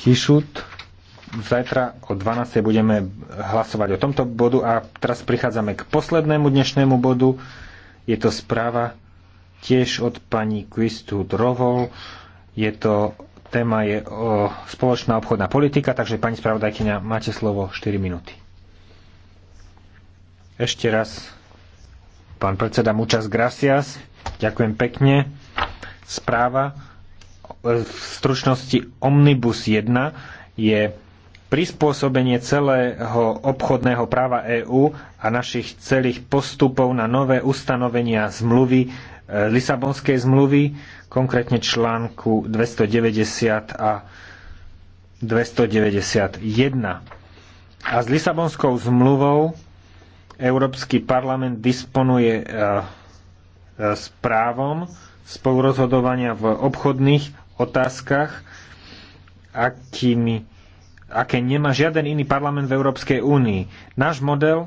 Kišut. Zajtra o 12. budeme hlasovať o tomto bodu a teraz prichádzame k poslednému dnešnému bodu. Je to správa tiež od pani Kristu Drovol. Je to, téma je o spoločná obchodná politika, takže pani spravodajkyňa, máte slovo 4 minúty. Ešte raz, pán predseda, mučas gracias. Ďakujem pekne. Správa v stručnosti Omnibus 1 je prispôsobenie celého obchodného práva EÚ a našich celých postupov na nové ustanovenia zmluvy, e, Lisabonskej zmluvy, konkrétne článku 290 a 291. A s Lisabonskou zmluvou Európsky parlament disponuje e, e, s právom spolurozhodovania v obchodných otázkach, akými, aké nemá žiaden iný parlament v Európskej únii. Náš model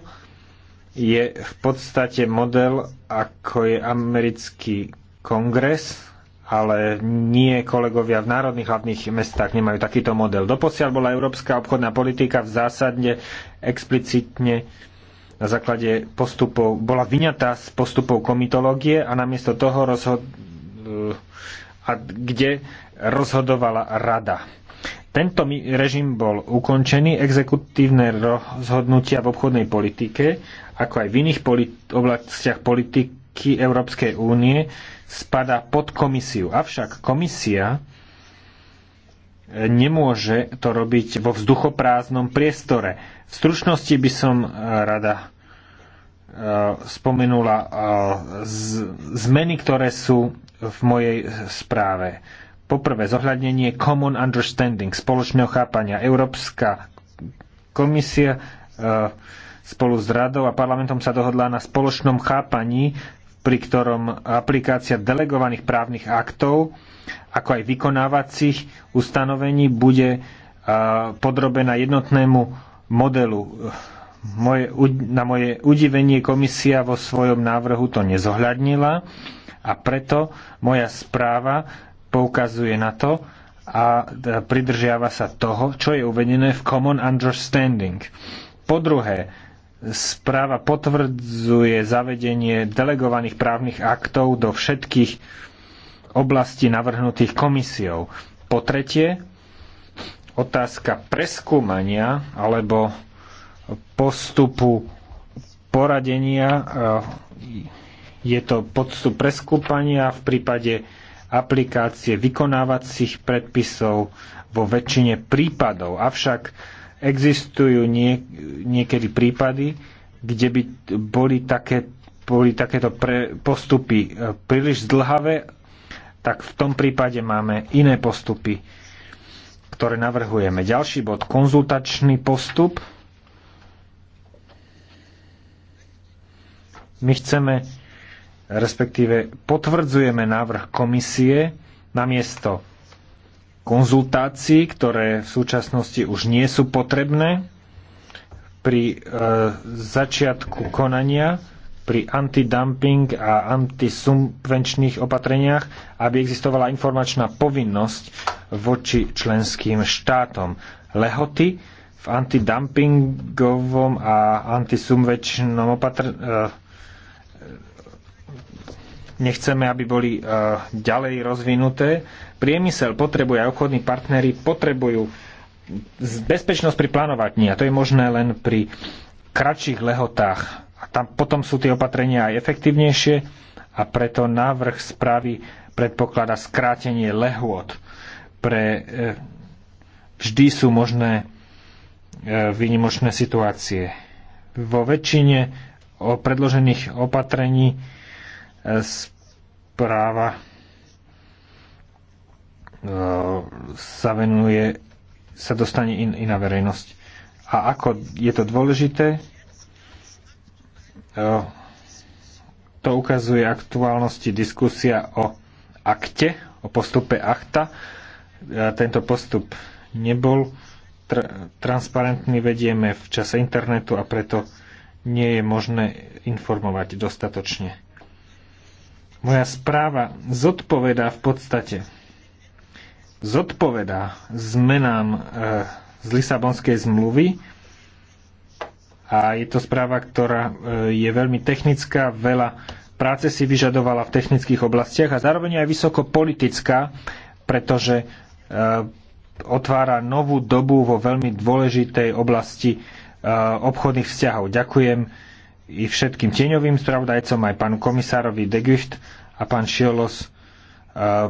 je v podstate model, ako je americký kongres, ale nie kolegovia v národných hlavných mestách nemajú takýto model. Doposiaľ bola európska obchodná politika v zásade explicitne na základe postupov bola vyňatá z postupov komitológie a namiesto toho rozhod, a kde rozhodovala rada. Tento režim bol ukončený, exekutívne rozhodnutia v obchodnej politike, ako aj v iných polit- oblastiach politiky Európskej únie, spada pod komisiu. Avšak komisia e, nemôže to robiť vo vzduchoprázdnom priestore. V stručnosti by som e, rada e, spomenula zmeny, ktoré sú v mojej správe. Poprvé, zohľadnenie common understanding, spoločného chápania. Európska komisia e, spolu s radou a parlamentom sa dohodla na spoločnom chápaní, pri ktorom aplikácia delegovaných právnych aktov, ako aj vykonávacích ustanovení, bude e, podrobená jednotnému modelu. Moje, na moje udivenie komisia vo svojom návrhu to nezohľadnila a preto moja správa poukazuje na to a pridržiava sa toho, čo je uvedené v Common Understanding. Po druhé, správa potvrdzuje zavedenie delegovaných právnych aktov do všetkých oblastí navrhnutých komisiou. Po tretie, otázka preskúmania alebo postupu poradenia eh, je to podstup preskúpania v prípade aplikácie vykonávacích predpisov vo väčšine prípadov. Avšak existujú nie, niekedy prípady, kde by boli, také, boli takéto pre, postupy e, príliš zdlhavé, tak v tom prípade máme iné postupy, ktoré navrhujeme. Ďalší bod, konzultačný postup. My chceme respektíve potvrdzujeme návrh komisie namiesto konzultácií, ktoré v súčasnosti už nie sú potrebné pri e, začiatku konania, pri antidumping a antisumvenčných opatreniach, aby existovala informačná povinnosť voči členským štátom. Lehoty v antidumpingovom a antisumvenčnom opatrení. e, nechceme, aby boli e, ďalej rozvinuté. Priemysel potrebuje a obchodní partnery potrebujú bezpečnosť pri plánovaní a to je možné len pri kratších lehotách. A tam potom sú tie opatrenia aj efektívnejšie a preto návrh správy predpoklada skrátenie lehôd. Pre e, vždy sú možné e, výnimočné situácie. Vo väčšine predložených opatrení správa e, sa venuje, sa dostane in, iná verejnosť. A ako je to dôležité, e, to ukazuje aktuálnosti diskusia o akte, o postupe akta. E, tento postup nebol tr- transparentný, vedieme v čase internetu a preto nie je možné informovať dostatočne. Moja správa zodpovedá v podstate zodpovedá zmenám e, z Lisabonskej zmluvy a je to správa, ktorá e, je veľmi technická, veľa práce si vyžadovala v technických oblastiach a zároveň aj vysoko politická, pretože e, otvára novú dobu vo veľmi dôležitej oblasti e, obchodných vzťahov. Ďakujem i všetkým tieňovým spravodajcom, aj pánu komisárovi Degišt a pán Šiolos. E,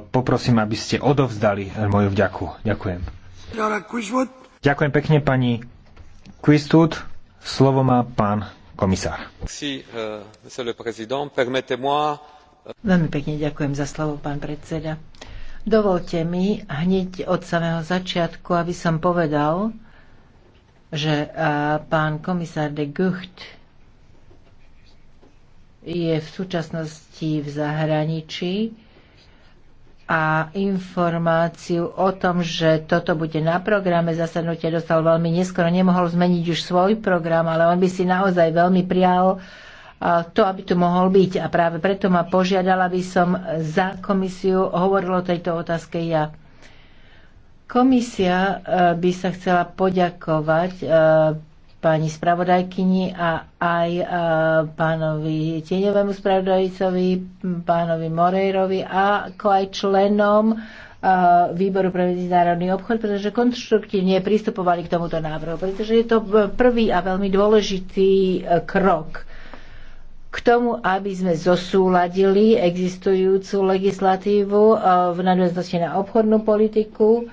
poprosím, aby ste odovzdali moju vďaku. Ďakujem. Ďakujem pekne pani Quistwood. Slovo má pán komisár. E, e, Veľmi pekne ďakujem za slovo, pán predseda. Dovolte mi hneď od samého začiatku, aby som povedal, že pán komisár de Gucht je v súčasnosti v zahraničí a informáciu o tom, že toto bude na programe zasadnutia dostal veľmi neskoro, nemohol zmeniť už svoj program, ale on by si naozaj veľmi prial to, aby tu mohol byť. A práve preto ma požiadala, aby som za komisiu hovorila o tejto otázke ja. Komisia e, by sa chcela poďakovať e, pani spravodajkyni a aj e, pánovi tieňovému spravodajcovi, pánovi Morejrovi, ako aj členom e, výboru pre medzinárodný obchod, pretože konštruktívne pristupovali k tomuto návrhu, pretože je to prvý a veľmi dôležitý e, krok k tomu, aby sme zosúladili existujúcu legislatívu v nadväznosti na obchodnú politiku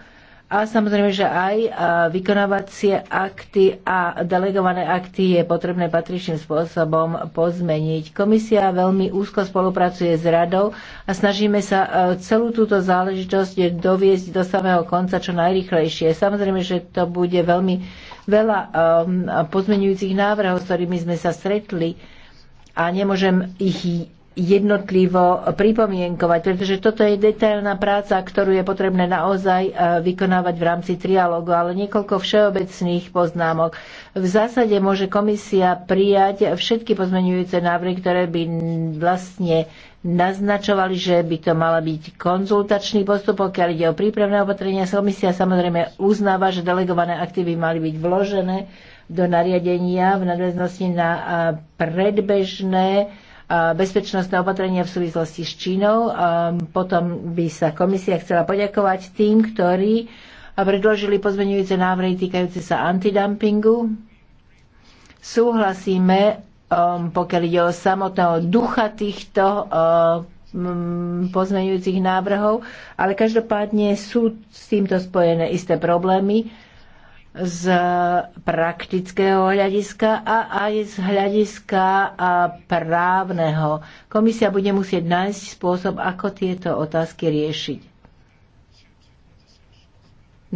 a samozrejme, že aj e, vykonávacie akty a delegované akty je potrebné patričným spôsobom pozmeniť. Komisia veľmi úzko spolupracuje s radou a snažíme sa e, celú túto záležitosť doviesť do samého konca čo najrychlejšie. Samozrejme, že to bude veľmi veľa e, pozmenujúcich návrhov, s ktorými sme sa stretli a nemôžem ich jednotlivo pripomienkovať, pretože toto je detailná práca, ktorú je potrebné naozaj e, vykonávať v rámci trialógu, ale niekoľko všeobecných poznámok. V zásade môže komisia prijať všetky pozmenujúce návrhy, ktoré by vlastne naznačovali, že by to mala byť konzultačný postup, pokiaľ ide o prípravné opatrenia. Komisia samozrejme uznáva, že delegované aktívy mali byť vložené do nariadenia v nadväznosti na predbežné bezpečnostné opatrenia v súvislosti s Čínou. Potom by sa komisia chcela poďakovať tým, ktorí predložili pozmeňujúce návrhy týkajúce sa antidumpingu. Súhlasíme, um, pokiaľ ide o samotného ducha týchto uh, pozmeňujúcich návrhov, ale každopádne sú s týmto spojené isté problémy z praktického hľadiska a aj z hľadiska právneho. Komisia bude musieť nájsť spôsob, ako tieto otázky riešiť.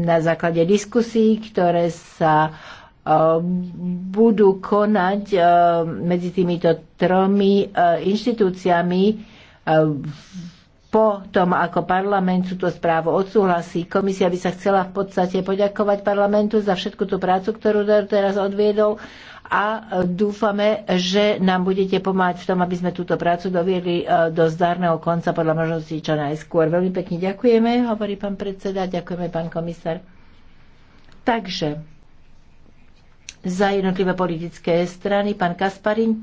Na základe diskusí, ktoré sa e, budú konať e, medzi týmito tromi e, inštitúciami, po tom, ako parlament túto správu odsúhlasí. Komisia by sa chcela v podstate poďakovať parlamentu za všetku tú prácu, ktorú teraz odviedol a e, dúfame, že nám budete pomáhať v tom, aby sme túto prácu doviedli e, do zdárneho konca podľa možností čo najskôr. Veľmi pekne ďakujeme, hovorí pán predseda, ďakujeme pán komisár. Takže za jednotlivé politické strany pán Kasparin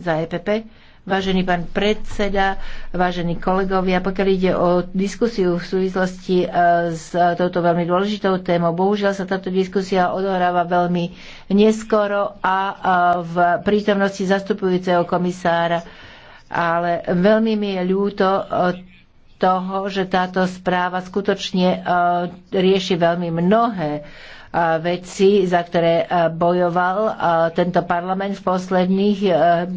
za EPP. Vážený pán predseda, vážení kolegovia, pokiaľ ide o diskusiu v súvislosti e, s touto veľmi dôležitou témou, bohužiaľ sa táto diskusia odohráva veľmi neskoro a v prítomnosti zastupujúceho komisára. Ale veľmi mi je ľúto e, toho, že táto správa skutočne e, rieši veľmi mnohé veci, za ktoré bojoval tento parlament v posledných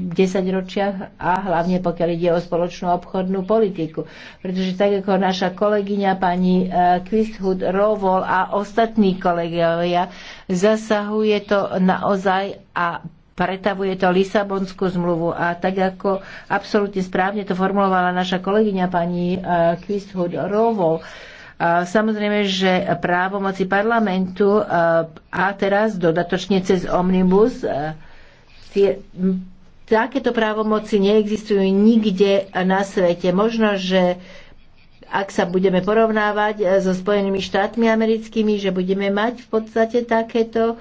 desaťročiach a hlavne pokiaľ ide o spoločnú obchodnú politiku. Pretože tak ako naša kolegyňa pani Quisthud Rovol a ostatní kolegovia, zasahuje to naozaj a pretavuje to Lisabonskú zmluvu a tak ako absolútne správne to formulovala naša kolegyňa pani Quisthud Rovol, Samozrejme, že právomoci parlamentu a teraz dodatočne cez omnibus tie, takéto právomoci neexistujú nikde na svete. Možno, že ak sa budeme porovnávať e, so Spojenými štátmi americkými, že budeme mať v podstate takéto e,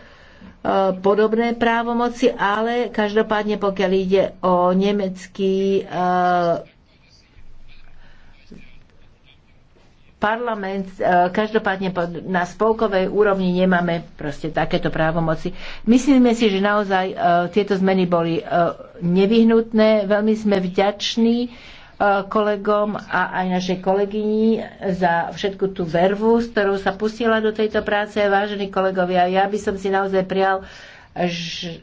podobné právomoci, ale každopádne pokiaľ ide o nemecký e, parlament, e, každopádne na spolkovej úrovni nemáme proste takéto právomoci. Myslíme si, že naozaj e, tieto zmeny boli e, nevyhnutné. Veľmi sme vďační kolegom a aj našej kolegyni za všetku tú vervu, s ktorou sa pustila do tejto práce. Vážení kolegovia, ja by som si naozaj prijal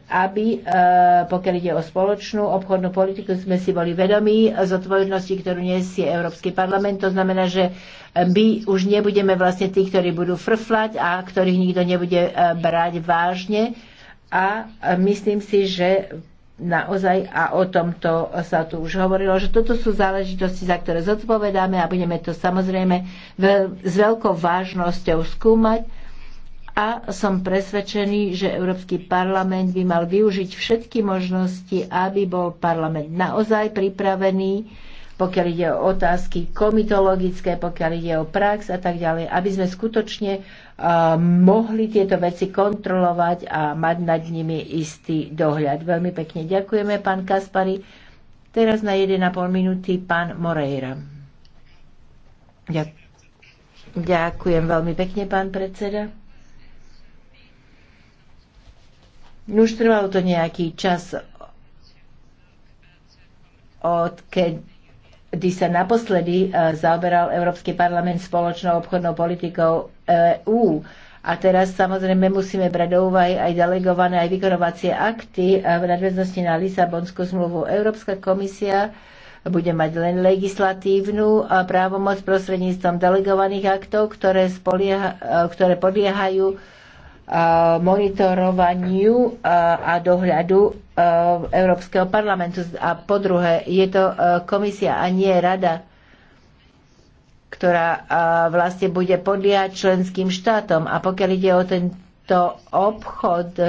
aby, e, pokiaľ ide o spoločnú obchodnú politiku, sme si boli vedomí zodpovednosti, ktorú nesie Európsky parlament. To znamená, že my už nebudeme vlastne tí, ktorí budú frflať a ktorých nikto nebude e, brať vážne. A myslím si, že naozaj, a o tomto sa tu už hovorilo, že toto sú záležitosti, za ktoré zodpovedáme a budeme to samozrejme s veľkou vážnosťou skúmať a som presvedčený, že Európsky parlament by mal využiť všetky možnosti, aby bol parlament naozaj pripravený, pokiaľ ide o otázky komitologické, pokiaľ ide o prax a tak ďalej, aby sme skutočne uh, mohli tieto veci kontrolovať a mať nad nimi istý dohľad. Veľmi pekne ďakujeme, pán Kaspari. Teraz na 1,5 minúty pán Moreira. Ďakujem veľmi pekne, pán predseda. No už trvalo to nejaký čas, odkedy sa naposledy eh, zaoberal Európsky parlament spoločnou obchodnou politikou EÚ. Eh, e A teraz samozrejme musíme brať do úvahy aj delegované, aj vykonovacie akty eh, v nadväznosti na Lisabonskú zmluvu. Európska komisia bude mať len legislatívnu právomoc prostredníctvom delegovaných aktov, ktoré, spolieha, ktoré podliehajú monitorovaniu a dohľadu Európskeho parlamentu. A po druhé, je to komisia a nie rada, ktorá vlastne bude podliať členským štátom. A pokiaľ ide o tento obchod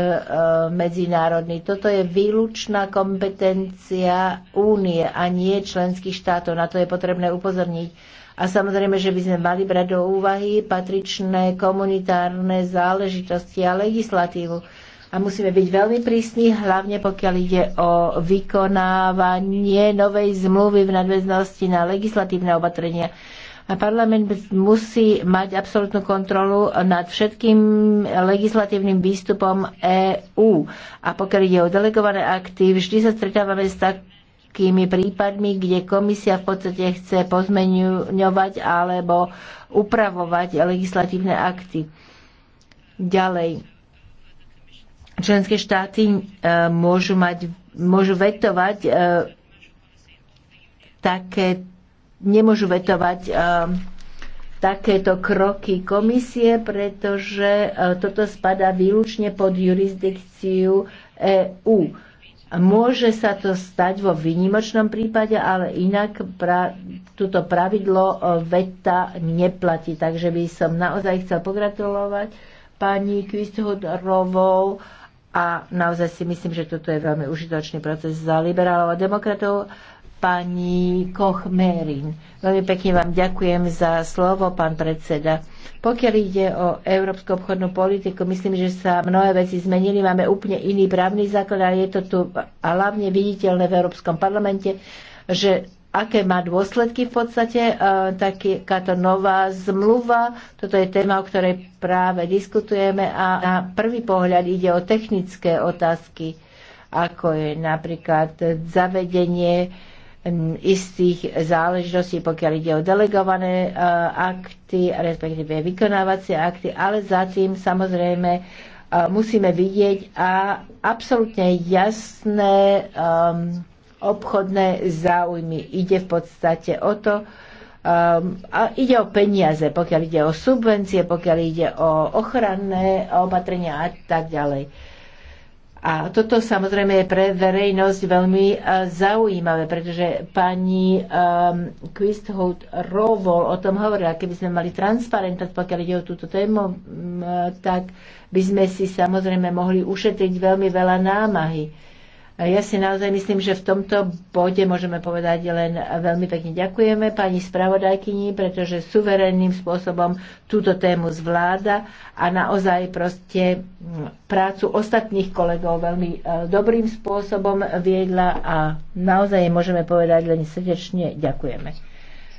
medzinárodný, toto je výlučná kompetencia únie a nie členských štátov. Na to je potrebné upozorniť a samozrejme, že by sme mali brať do úvahy patričné komunitárne záležitosti a legislatívu. A musíme byť veľmi prísni, hlavne pokiaľ ide o vykonávanie novej zmluvy v nadväznosti na legislatívne opatrenia. A parlament musí mať absolútnu kontrolu nad všetkým legislatívnym výstupom EÚ. A pokiaľ ide o delegované akty, vždy sa stretávame s tak takými prípadmi, kde komisia v podstate chce pozmeňovať alebo upravovať legislatívne akty. Ďalej, členské štáty e, môžu, mať, môžu vetovať e, také, nemôžu vetovať e, takéto kroky komisie, pretože toto spadá výlučne pod jurisdikciu EU. Môže sa to stať vo výnimočnom prípade, ale inak pra, túto pravidlo e, veta neplatí. Takže by som naozaj chcel pogratulovať pani Kvisthodrovou a naozaj si myslím, že toto je veľmi užitočný proces za liberálov a demokratov pani Kochmerin. Veľmi pekne vám ďakujem za slovo, pán predseda. Pokiaľ ide o európsku obchodnú politiku, myslím, že sa mnohé veci zmenili. Máme úplne iný právny základ a je to tu a hlavne viditeľné v Európskom parlamente, že aké má dôsledky v podstate e, takáto nová zmluva. Toto je téma, o ktorej práve diskutujeme a na prvý pohľad ide o technické otázky, ako je napríklad zavedenie Um, istých záležitostí, pokiaľ ide o delegované uh, akty, respektíve vykonávacie akty, ale za tým samozrejme uh, musíme vidieť a absolútne jasné um, obchodné záujmy. Ide v podstate o to, Um, a ide o peniaze, pokiaľ ide o subvencie, pokiaľ ide o ochranné opatrenia a tak ďalej. Uh, a toto samozrejme je pre verejnosť veľmi e, zaujímavé, pretože pani um, ehm, Quisthout Rovol o tom hovorila, keby sme mali transparentnosť, pokiaľ ide o túto tému, e, tak by sme si samozrejme mohli ušetriť veľmi veľa námahy. Ja si naozaj myslím, že v tomto bode môžeme povedať len veľmi pekne ďakujeme pani spravodajkyni, pretože suverenným spôsobom túto tému zvláda a naozaj proste mm, prácu ostatných kolegov veľmi e, dobrým spôsobom viedla a naozaj môžeme povedať len srdečne ďakujeme.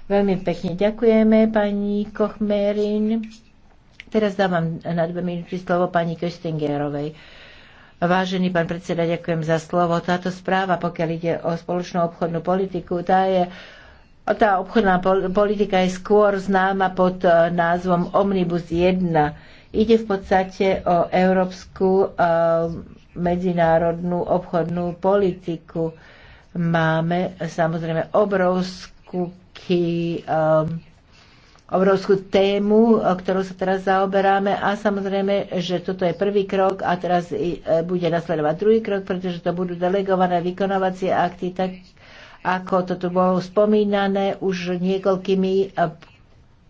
Veľmi pekne ďakujeme pani Kochmerin. Teraz dávam na dve minúty slovo pani Köstingerovej. Vážený pán predseda, ďakujem za slovo. Táto správa, pokiaľ ide o spoločnú obchodnú politiku, tá je tá obchodná politika je skôr známa pod eh, názvom Omnibus 1. Ide v podstate o európsku eh, medzinárodnú obchodnú politiku. Máme samozrejme obrovskú eh, obrovskú tému, ktorou sa teraz zaoberáme a samozrejme, že toto je prvý krok a teraz e, bude nasledovať druhý krok, pretože to budú delegované vykonávacie akty, tak ako toto bolo spomínané už niekoľkými e,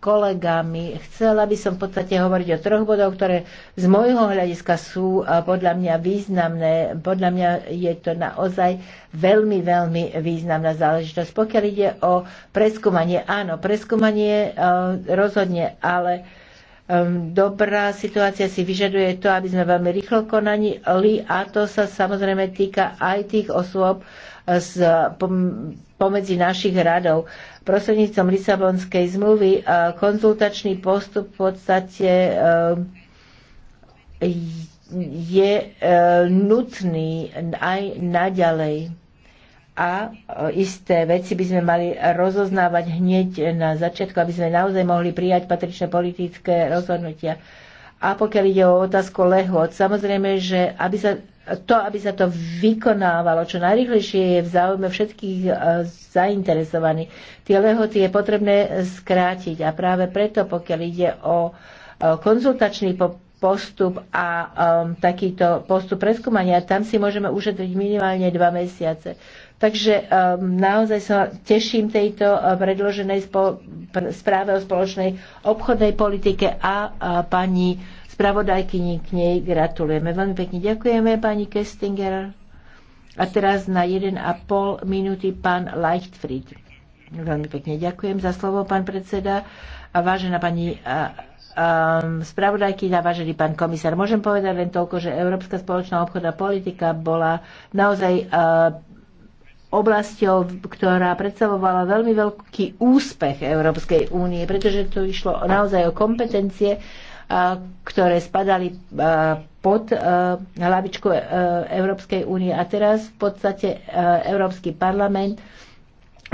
kolegami. Chcela by som v podstate hovoriť o troch bodoch, ktoré z môjho hľadiska sú eh, podľa mňa významné. Podľa mňa je to naozaj veľmi, veľmi významná záležitosť. Pokiaľ ide o preskúmanie, áno, preskúmanie eh, rozhodne, ale ehm, dobrá situácia si vyžaduje to, aby sme veľmi rýchlo konali a to sa samozrejme týka aj tých osôb, z, pomedzi našich radov. Prostrednícom Lisabonskej zmluvy e, konzultačný postup v podstate e, je e, nutný aj naďalej a isté veci by sme mali rozoznávať hneď na začiatku, aby sme naozaj mohli prijať patričné politické rozhodnutia. A pokiaľ ide o otázku lehot, samozrejme, že aby sa to, aby sa to vykonávalo čo najrychlejšie, je v záujme všetkých e, zainteresovaných. Tie lehoty je potrebné skrátiť a práve preto, pokiaľ ide o e, konzultačný postup a um, takýto postup preskúmania, tam si môžeme ušetriť minimálne dva mesiace. Takže um, naozaj sa teším tejto predloženej pr- správe o spoločnej obchodnej politike a a pani spravodajkyni k nej gratulujeme. Veľmi pekne ďakujeme pani Kestinger. A teraz na 1,5 minúty pán Leichtfried. Veľmi pekne ďakujem za slovo, pán predseda. A vážená pani um, spravodajky, vážený pán komisár, môžem povedať len toľko, že Európska spoločná obchodná politika bola naozaj uh, oblasťou, ktorá predstavovala veľmi veľký úspech Európskej únie, pretože tu išlo naozaj o kompetencie ktoré spadali pod hlavičku e, Európskej únie. A teraz v podstate e, Európsky parlament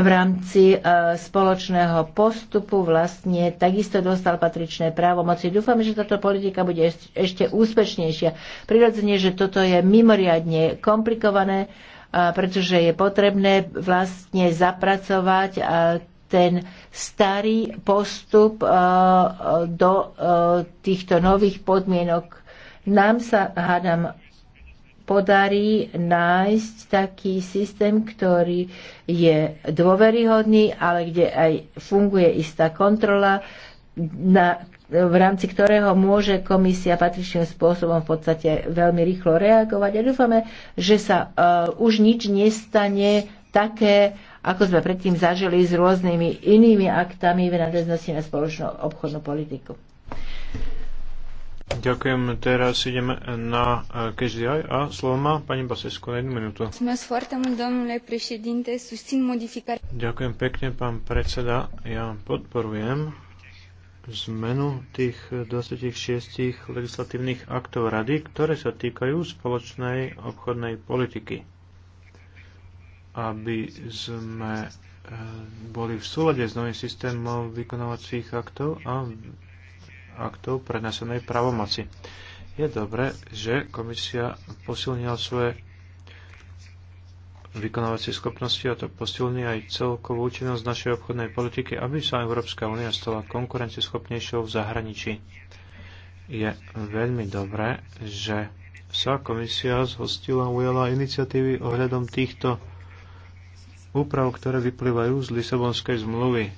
v rámci e, spoločného postupu vlastne takisto dostal patričné právomoci. Dúfam, že táto politika bude ešte úspešnejšia. Prirodzene, že toto je mimoriadne komplikované, pretože je potrebné vlastne zapracovať ten starý postup eh, do eh, týchto nových podmienok. Nám sa, hádam, podarí nájsť taký systém, ktorý je dôveryhodný, ale kde aj funguje istá kontrola, na, v rámci ktorého môže komisia patričným spôsobom v podstate veľmi rýchlo reagovať. A dúfame, že sa uh, už nič nestane také, ako sme predtým zažili s rôznymi inými aktami v nadväznosti na spoločnú obchodnú politiku. Ďakujem. Teraz ideme na eh, KSDI a slovo má pani Basesko na jednu minútu. Ďakujem pekne, pán predseda. Ja podporujem zmenu tých 26 legislatívnych aktov rady, ktoré sa týkajú spoločnej obchodnej politiky aby sme eh, boli v súlade s novým systémom vykonávacích aktov a aktov prenesenej pravomoci. Je dobré, že komisia posilnila svoje vykonávacie schopnosti a to posilní aj celkovú účinnosť našej obchodnej politiky, aby sa Európska únia stala konkurencieschopnejšou v zahraničí. Je veľmi dobré, že sa komisia zhostila ujela iniciatívy ohľadom týchto úprav, ktoré vyplývajú z Lisabonskej zmluvy.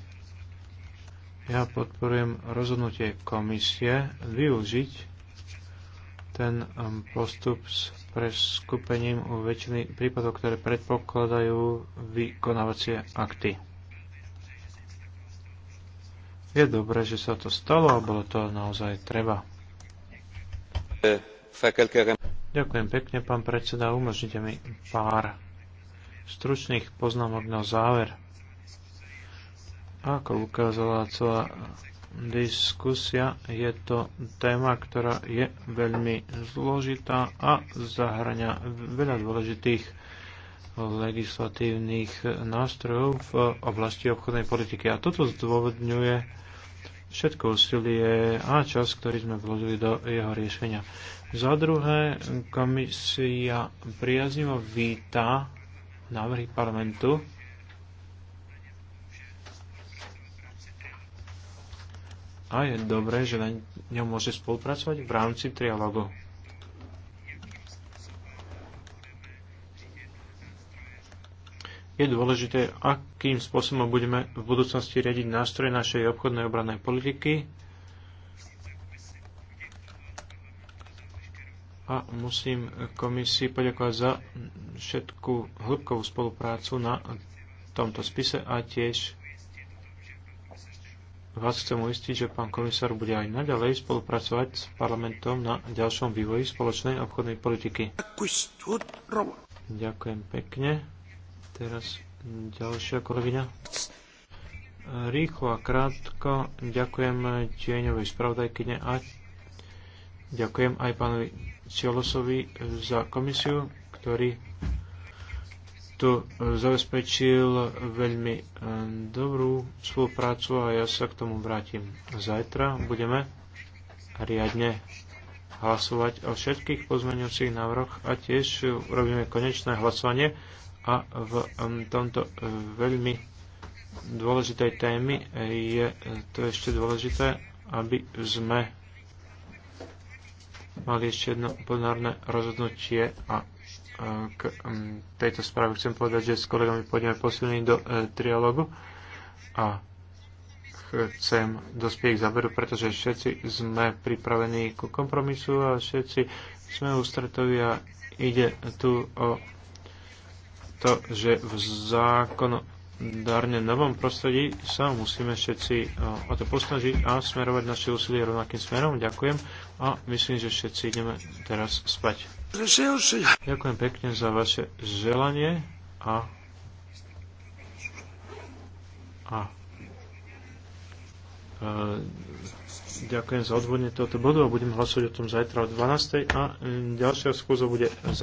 Ja podporujem rozhodnutie komisie využiť ten um, postup s preskupením u väčšiny prípadov, ktoré predpokladajú vykonávacie akty. Je dobré, že sa to stalo a bolo to naozaj treba. Ďakujem pekne, pán predseda. Umožnite mi pár stručných poznámok na záver. Ako ukázala celá diskusia, je to téma, ktorá je veľmi zložitá a zahrania veľa dôležitých legislatívnych nástrojov v oblasti obchodnej politiky. A toto zdôvodňuje všetko úsilie a čas, ktorý sme vložili do jeho riešenia. Za druhé, komisia priaznivo víta návrhy parlamentu a je dobré, že na ňom môže spolupracovať v rámci trialogu. je dôležité, akým spôsobom budeme v budúcnosti riadiť nástroje našej obchodnej obrannej politiky a musím komisii poďakovať za všetku hĺbkovú spoluprácu na tomto spise a tiež vás chcem uistiť, že pán komisár bude aj naďalej spolupracovať s parlamentom na ďalšom vývoji spoločnej obchodnej politiky. Ďakujem pekne. Teraz ďalšia kolegyňa. Rýchlo a krátko ďakujem tieňovej spravodajkyne a ďakujem aj pánovi Ciolosovi e, za komisiu, ktorý tu e, zabezpečil veľmi e, dobrú spoluprácu a ja sa k tomu vrátim. Zajtra budeme riadne hlasovať o všetkých pozmeňujúcich návrhoch a tiež urobíme konečné hlasovanie a v tomto veľmi dôležitej témy je to ešte dôležité, aby sme mali ešte jedno plenárne rozhodnutie a k tejto správe chcem povedať, že s kolegami pôjdeme posilniť do e, trialogu a chcem dospieť k záveru, pretože všetci sme pripravení ku kompromisu a všetci sme ústretoví a ide tu o to, že v zákonu darne novom prostredí sa musíme všetci e, o to posnažiť a smerovať naše úsilie rovnakým smerom. Ďakujem a myslím, že všetci ideme teraz spať. Ďakujem pekne za vaše želanie a a e, ďakujem za odvodne tohoto bodu a budem hlasovať o tom zajtra o 12.00 a ďalšia skúza bude